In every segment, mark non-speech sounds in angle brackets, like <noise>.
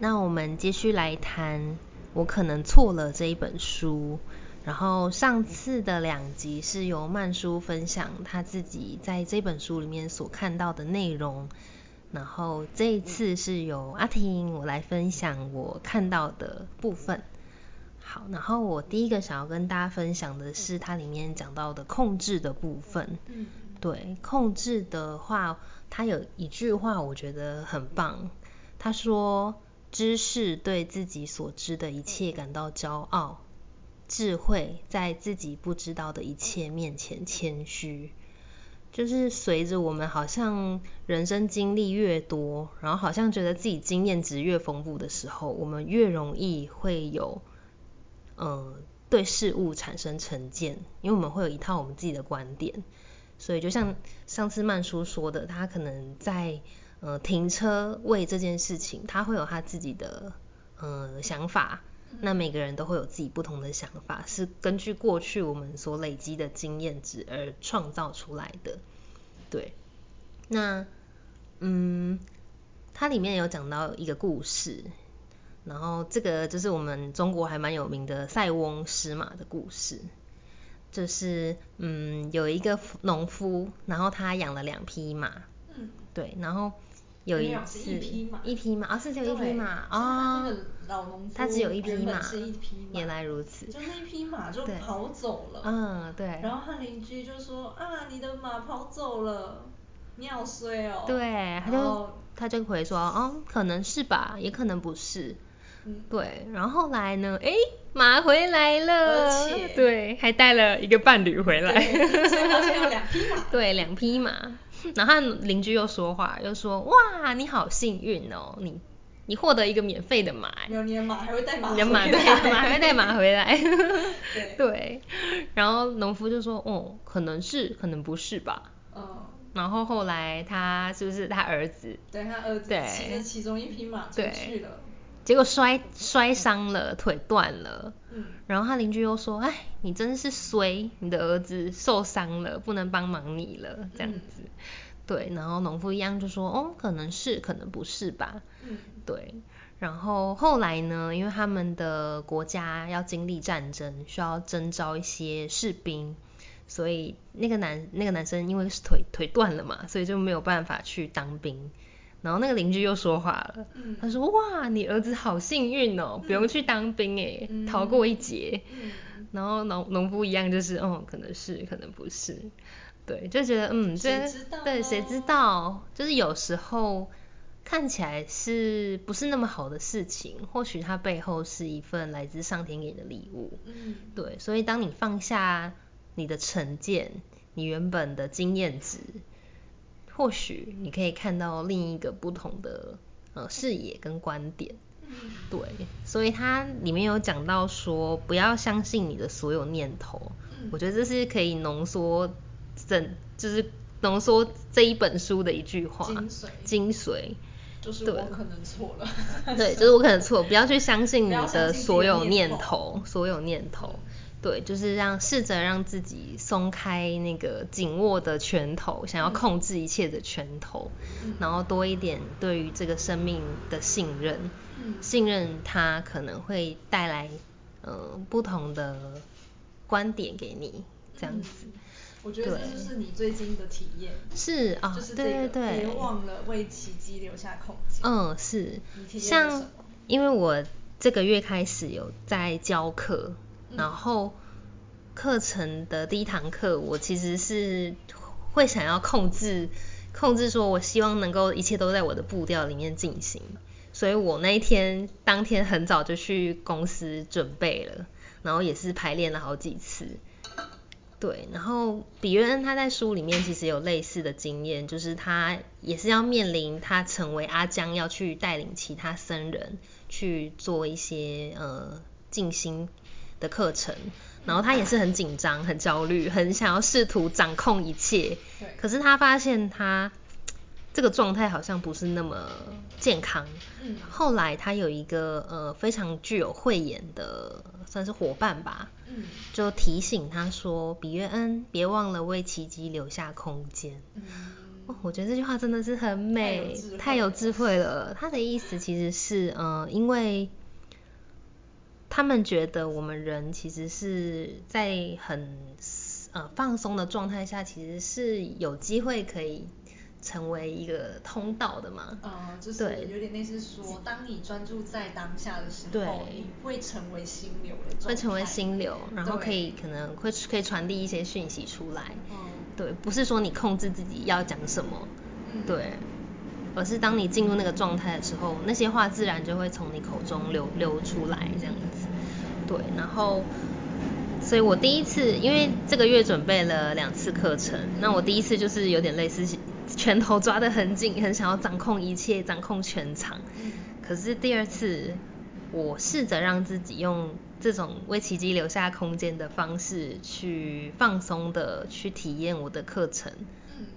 那我們繼續來談，我可能錯了這一本書。然後上次的兩集是由曼叔分享他自己在這本書裡面所看到的內容，然後這一次是由阿婷我來分享我看到的部分。好，然後我第一個想要跟大家分享的是它裡面講到的控制的部分。對，控制的話，它有一句話我覺得很棒，他說。知識對自己所知的一切感到驕傲，智慧在自己不知道的一切面前謙虛。就是隨着我們好像人生經歷越多，然後好像覺得自己經驗值越豐富的時候，我們越容易會有嗯、呃、對事物產生成見，因為我們會有一套我們自己的觀點。所以就像上次曼叔說的，他可能在。呃，停車位這件事情，他會有他自己的呃想法。那每個人都會有自己不同的想法，是根據過去我們所累積的經驗值而創造出來的。對。那嗯，它裡面有講到一個故事，然後這個就是我們中國還蠻有名的“塞翁失馬”的故事。就是嗯，有一個農夫，然後他養了兩匹馬。嗯。對，然後。有一次，一匹馬，啊是只有一匹馬，哦，他只有一匹馬，原來如此，就那匹馬就跑走了，嗯，對，然後他鄰居就說，啊，你的馬跑走了，你好衰哦，對，他就他就回說，哦，可能是吧，也可能不是，對，然後後來呢，哎，馬回來了，對，還帶了一個伴侶回來，對，兩匹馬。然後鄰居又說話，又說，哇，你好幸運哦，你你獲得一個免費的馬。有你的馬還會帶馬回來？你的馬對，馬還會帶馬回來， <laughs> 對，對。然後農夫就說，哦，可能是，可能不是吧。嗯，然後後來他是不，就是他兒子？對他兒子騎着其中一匹馬出去了。結果摔摔傷了，腿斷了。嗯。然後他鄰居又說：“唉，你真是衰，你的兒子受傷了，不能幫忙你了，這樣子。”嗯。對。然後農夫一樣就說：“哦，可能是，可能不是吧。”嗯。對。然後後來呢？因為他們的國家要經歷戰爭，需要徵召一些士兵，所以那個男那個男生因為是腿腿斷了嘛，所以就沒有辦法去當兵。然後那個鄰居又說話了，嗯、他說：哇，你兒子好幸運哦，嗯、不用去當兵誒、嗯、逃過一劫。嗯、然後農農夫一樣就是，哦、嗯，可能是，可能不是，對，就覺得，嗯，這，對，誰知道，就是有時候看起來是不是那麼好的事情，或許它背後是一份來自上天給你的禮物，嗯、對，所以當你放下你的成見，你原本的經驗值。或許你可以看到另一個不同的呃視野跟觀點，嗯、對，所以它裡面有講到說不要相信你的所有念頭，嗯、我覺得這是可以濃縮整就是濃縮這一本書的一句話精髓，精髓，就是我可能錯了，對， <laughs> 對，就是我可能錯，不要去相信你的所有念頭，所有念頭。嗯對，就是讓試着讓自己鬆開那個緊握的拳頭，想要控制一切的拳頭，嗯、然後多一點對於這個生命的信任，嗯、信任它可能會帶來嗯、呃、不同的觀點給你這樣子，嗯。我覺得這就是你最近的體驗。對是啊，就是對、這個。對對對別忘了為奇蹟留下空間。嗯，是。像因為我這個月開始有在教課。然後課程的第一堂課，我其實是會想要控制，控制說，我希望能夠一切都在我的步調裡面進行，所以我那一天當天很早就去公司準備了，然後也是排練了好幾次。對，然後比約恩他在書裡面其實有類似的經驗，就是他也是要面臨他成為阿姜要去帶領其他僧人去做一些呃靜心，的課程，然後他也是很緊張、很焦慮、很想要試圖掌控一切。對可是他發現他這個狀態好像不是那麼健康。嗯。後來他有一個呃非常具有慧眼的算是伙伴吧，嗯，就提醒他說：“嗯、比約恩，別忘了為奇蹟留下空間。嗯哦”我覺得這句話真的是很美，太有,太有智慧了。他的意思其實是嗯、呃、因為。他們覺得我們人其實是在很呃放鬆的狀態下，其實是有機會可以成為一個通道的嘛？嗯，就是對有點類似說，當你專注在當下的時候，對你會成為心流的狀態，會成為心流，然後可以對可能會可以傳遞一些訊息出來。嗯、對，不是說你控制自己要講什麼，嗯、對。而是當你進入那個狀態的時候，那些話自然就會從你口中流流出來，這樣子。對，然後，所以我第一次，因為這個月準備了兩次課程，那我第一次就是有點類似拳頭抓得很緊，很想要掌控一切，掌控全場。可是第二次，我試着讓自己用這種為奇蹟留下空間的方式去放鬆的去體驗我的課程。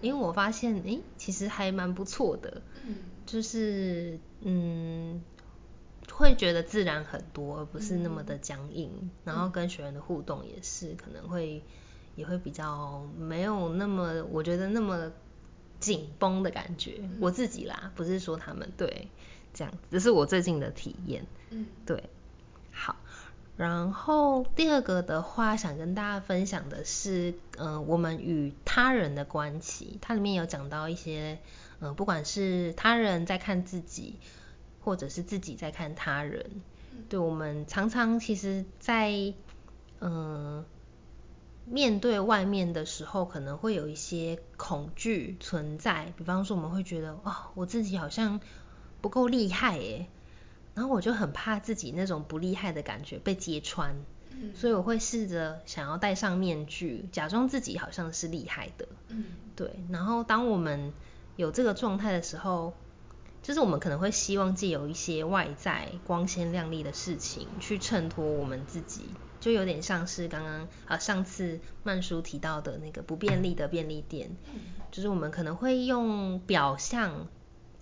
因為我發現，誒，其實還蠻不錯的，嗯、就是，嗯，會覺得自然很多，而不是那麼的僵硬。嗯、然後跟學員的互動也是，可能會、嗯、也會比較沒有那麼，我覺得那麼緊繃的感覺。嗯、我自己啦，不是說他們對，這樣，這是我最近的體驗。嗯，對。然後第二個的話，想跟大家分享的是，嗯、呃，我們與他人的關係，它裡面有講到一些，嗯、呃，不管是他人在看自己，或者是自己在看他人，嗯、對，我們常常其實在，嗯、呃，面對外面的時候，可能會有一些恐懼存在，比方說我們會覺得，哦，我自己好像不夠厲害誒然後我就很怕自己那種不厲害的感覺被揭穿，嗯、所以我會試着想要戴上面具，假裝自己好像是厲害的。嗯，對。然後當我們有這個狀態的時候，就是我們可能會希望借由一些外在光鮮亮麗的事情去襯托我們自己，就有點像是剛剛啊、呃、上次曼叔提到的那個不便利的便利店，就是我們可能會用表象。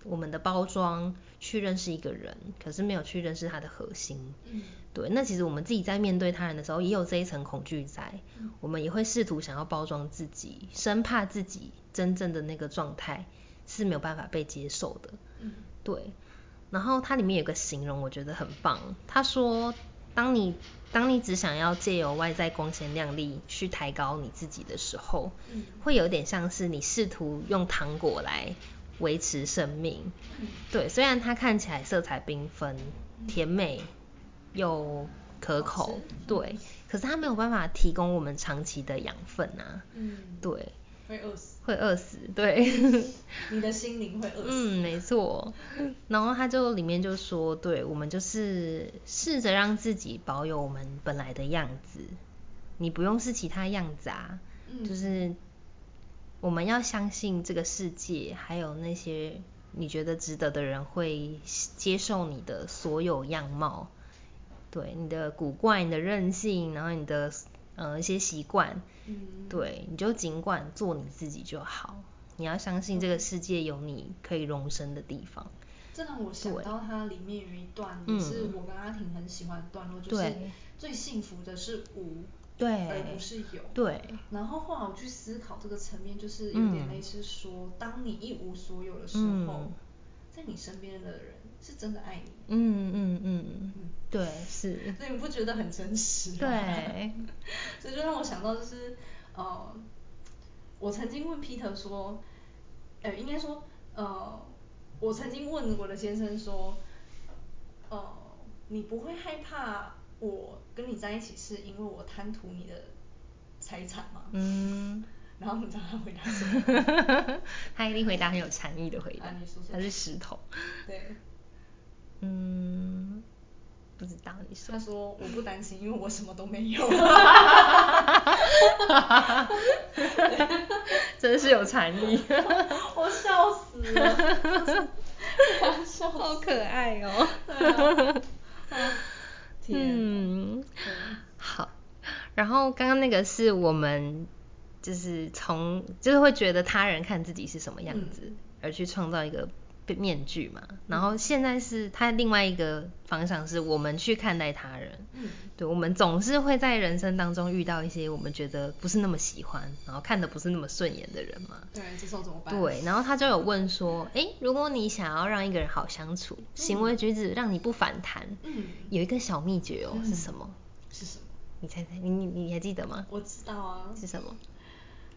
我們的包裝去認識一個人，可是沒有去認識他的核心。嗯，對，那其實我們自己在面對他人的時候，也有這一層恐懼在，嗯、我們也會試圖想要包裝自己，生怕自己真正的那個狀態是沒有辦法被接受的。嗯，對。然後它裡面有個形容，我覺得很棒。他說，當你當你只想要借由外在光鮮亮麗去抬高你自己的時候，嗯、會有點像是你試圖用糖果來。維持生命，對，雖然它看起來色彩繽紛、嗯、甜美又可口，吃對，可是它沒有辦法提供我們長期的養分啊，嗯，對，會餓死，會餓死，對，你的心靈會餓死， <laughs> 嗯，沒錯。然後它就裡面就說，對我們就是試着讓自己保有我們本來的樣子，你不用是其他樣子啊，嗯、就是。我們要相信這個世界，還有那些你覺得值得的人會接受你的所有樣貌，對，你的古怪、你的任性，然後你的呃一些習慣，嗯、對，你就儘管做你自己就好。你要相信這個世界有你可以容身的地方。這讓、嗯嗯、我想到它裡面有一段就對是我跟阿婷很喜歡的段落，嗯、就是最幸福的是無。對，而不是有。對、嗯。然後換我去思考這個層面，就是有點類似說，嗯、當你一無所有的時候，嗯、在你身邊的人是真的愛你。嗯嗯嗯嗯。嗯嗯嗯對，是。所以你不覺得很真實？對。 <laughs> 所以就讓我想到，就是呃，我曾經問 Peter 說，呃，應該說呃，我曾經問我的先生說，呃，你不會害怕？我跟你在一起是因為我貪圖你的財產嗎？嗯，然後你知道他回答什麼？ <laughs> 他一定回答很有禪意的回答。啊、你說說。他是石頭。對。嗯，不知道你說。他說我不擔心，嗯、因為我什麼都沒有。哈哈哈哈哈哈！真是有禪意。 <laughs> 我笑死了。哈哈哈哈哈！笑好可愛哦、喔。對啊。Yeah, 嗯，對好。然後剛剛那個是我們，就是從就是會覺得他人看自己是什麼樣子，而去創造一個。面具嘛，然後現在是他另外一個方向是，我們去看待他人。嗯，對，我們總是會在人生當中遇到一些我們覺得不是那麼喜歡，然後看得不是那麼順眼的人嘛。嗯、對，這時候怎麼辦？然後他就有問說，哎、嗯，欸，如果你想要讓一個人好相處，行為舉止、嗯、讓你不反彈，嗯、有一個小秘訣哦，嗯、是什麼？是什麼？你猜猜，你你你還記得嗎？我知道啊。是什麼？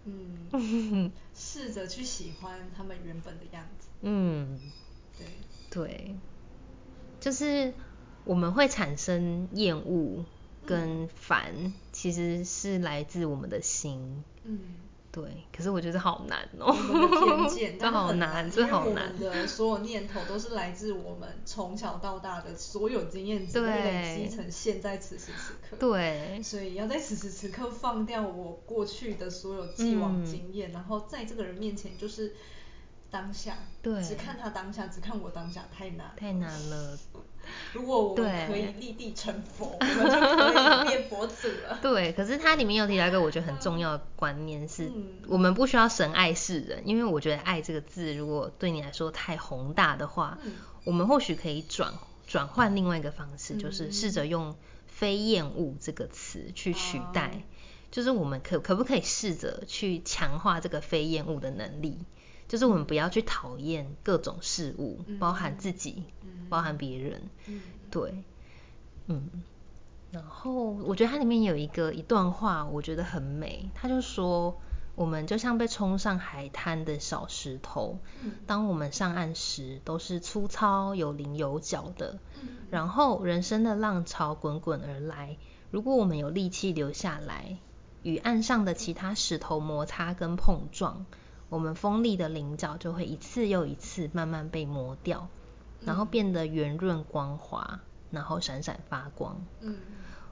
嗯，試着 <laughs> 去喜歡他們原本的樣子。嗯，對對，就是我們會產生厭惡跟煩，嗯、其實是來自我們的心。嗯。對，可是我覺得好難哦、嗯。偏見， <laughs> 這好難，好難。因為我們的所有念頭都是來自我們從小到大的所有經驗，累積成現在此時此刻。對，所以要在此時此刻放掉我過去的所有既往經驗，嗯、然後在這個人面前就是。當下，對，只看他當下，只看我當下，太難，太難了。如果我可以立地成佛，對 <laughs> 我就可以變佛子了。對，可是它裡面有提到一個我覺得很重要的觀念是，我們不需要神愛世人，嗯、因為我覺得“愛”這個字，如果對你來說太宏大的話，嗯、我們或許可以轉轉換另外一個方式，嗯、就是試着用“非厭惡”這個詞去取代，哦、就是我們可可不可以試着去強化這個“非厭惡”的能力？就是我們不要去討厭各種事物，嗯、包含自己，嗯、包含別人，嗯、對，嗯。然後我覺得它裡面有一個一段話，我覺得很美。它就說，我們就像被衝上海灘的小石頭，當我們上岸時都是粗糙有稜有角的。然後人生的浪潮滾滾而來，如果我們有力氣留下來，與岸上的其他石頭摩擦跟碰撞，我們鋒利的稜角就會一次又一次慢慢被磨掉，嗯、然後變得圓潤光滑，然後閃閃發光。嗯，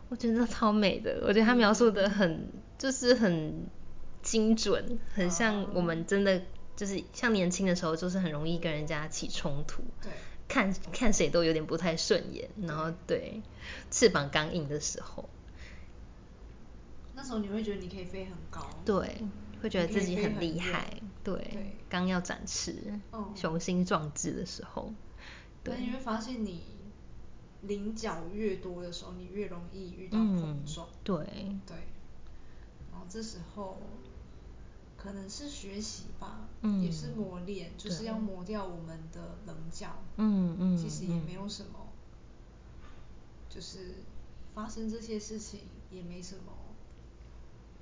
我覺得超美的。我覺得他描述的很，嗯、就是很精準，很像我們真的、啊、就是像年輕的時候，就是很容易跟人家起衝突。對，看看誰都有點不太順眼。對然後，對，翅膀剛硬的時候，那時候你會覺得你可以飛很高。對，嗯、會覺得自己很厲害。對，對，剛要展翅，雄心壯志的時候，嗯、對，你會發現你稜角越多的時候，你越容易遇到碰撞。嗯、對對，然後這時候可能是學習吧，嗯、也是磨練，就是要磨掉我們的稜角。嗯嗯，對，其實也沒有什麼，嗯、就是發生這些事情也沒什麼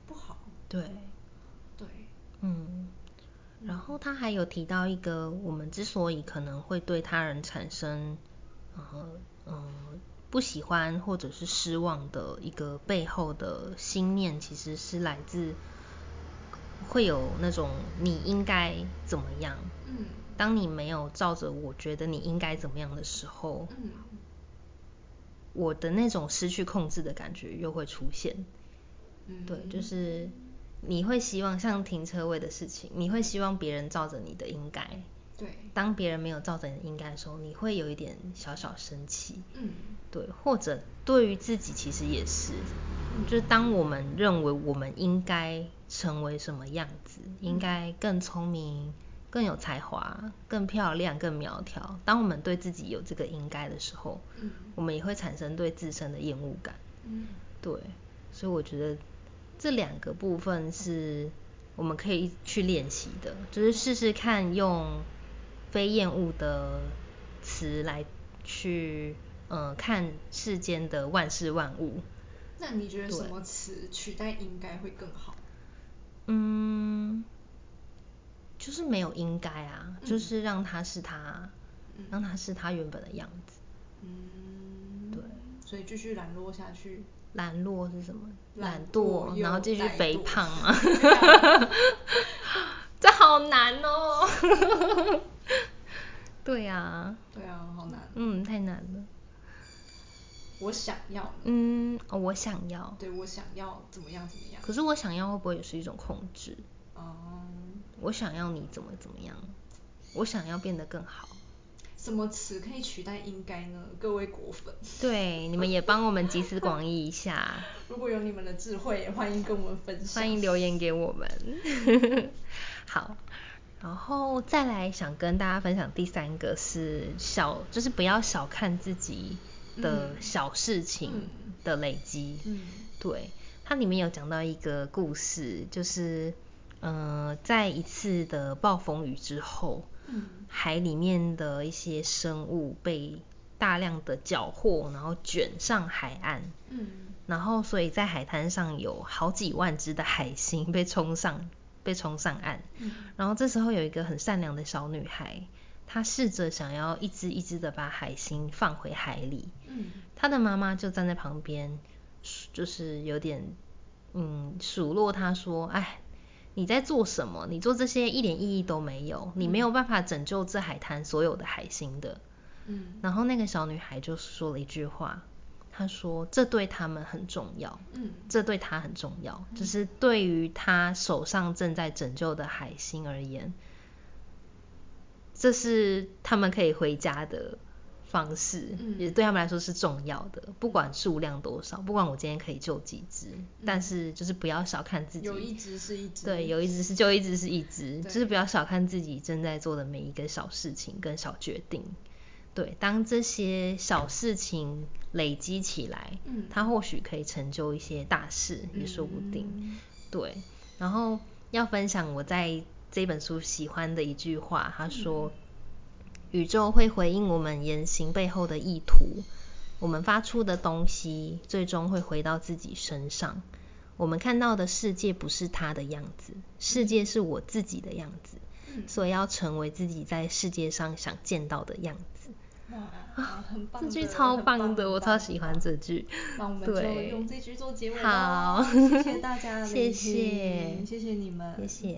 不好。對對，對對，嗯。然後他還有提到一個，我們之所以可能會對他人產生呃嗯、呃、不喜歡或者是失望的一個背後的心念，其實是來自會有那種你應該怎麼樣？嗯，當你沒有照着我覺得你應該怎麼樣的時候，我的那種失去控制的感覺又會出現。對，就是。你會希望像停車位的事情，你會希望別人照着你的應該。對。當別人沒有照着你的應該的時候，你會有一點小小生氣。嗯。對。或者對於自己其實也是，嗯、就是當我們認為我們應該成為什麼樣子，嗯、應該更聰明、更有才華、更漂亮、更苗條，當我們對自己有這個應該的時候，嗯、我們也會產生對自身的厭惡感。嗯。對。所以我覺得。這兩個部分是我們可以去練習的，就是試試看用非厭惡的詞來去呃看世間的萬事萬物。那你覺得什麼詞取代應該會更好？嗯，就是沒有應該啊，嗯、就是讓它是它，嗯、讓它是它原本的樣子。嗯，對。所以繼續懶惰下去。懶惰是什麼？懶惰惡，懶惡然後繼續肥胖嗎？惡 <laughs> 這好難哦。 <laughs> 對呀、啊。對呀、啊，好難。嗯，太難了。我想要。嗯，我想要。對我想要怎麼樣怎麼樣？可是我想要會不會也是一種控制？哦、嗯。我想要你怎麼怎麼樣？我想要變得更好。什麼詞可以取代“應該”呢？各位果粉，對，你們也幫我們集思廣益一下。 <laughs> 如果有你們的智慧，也歡迎跟我們分享，歡迎留言給我們。 <laughs> 好，然後再來想跟大家分享第三個是小，就是不要小看自己的小事情的累積。嗯嗯、對，它裡面有講到一個故事，就是嗯、呃，在一次的暴風雨之後。嗯、海裡面的一些生物被大量的繳獲，然後捲上海岸。嗯，然後所以在海灘上有好幾萬隻的海星被沖上被沖上岸。嗯，然後這時候有一個很善良的小女孩，她試着想要一隻一隻的把海星放回海裡。嗯，她的媽媽就站在旁邊，就是有點嗯數落她說，唉。你在做什麼？你做這些一點意義都沒有，你沒有辦法拯救這海灘所有的海星的。嗯，然後那個小女孩就說了一句話，她說這對他們很重要，嗯，這對她很重要，嗯、就是對於她手上正在拯救的海星而言，這是他們可以回家的方式也對他們來說是重要的，嗯、不管數量多少，不管我今天可以救幾隻，嗯、但是就是不要小看自己。有一隻是一隻，對，有一隻是就一隻是一隻，對就是不要小看自己正在做的每一個小事情跟小決定。對，當這些小事情累積起來，嗯、它或許可以成就一些大事，也說不定。嗯、對，然後要分享我在這本書喜歡的一句話，他說。嗯宇宙會回應我們言行背後的意圖，我們發出的東西最終會回到自己身上。我們看到的世界不是它的樣子，世界是我自己的樣子，嗯、所以要成為自己在世界上想見到的樣子。哇、嗯啊，很棒！這句超棒的，棒我超喜歡這句。棒對，我們用這句做結尾。好，謝謝大家， <laughs> 謝謝，謝謝你們，謝謝。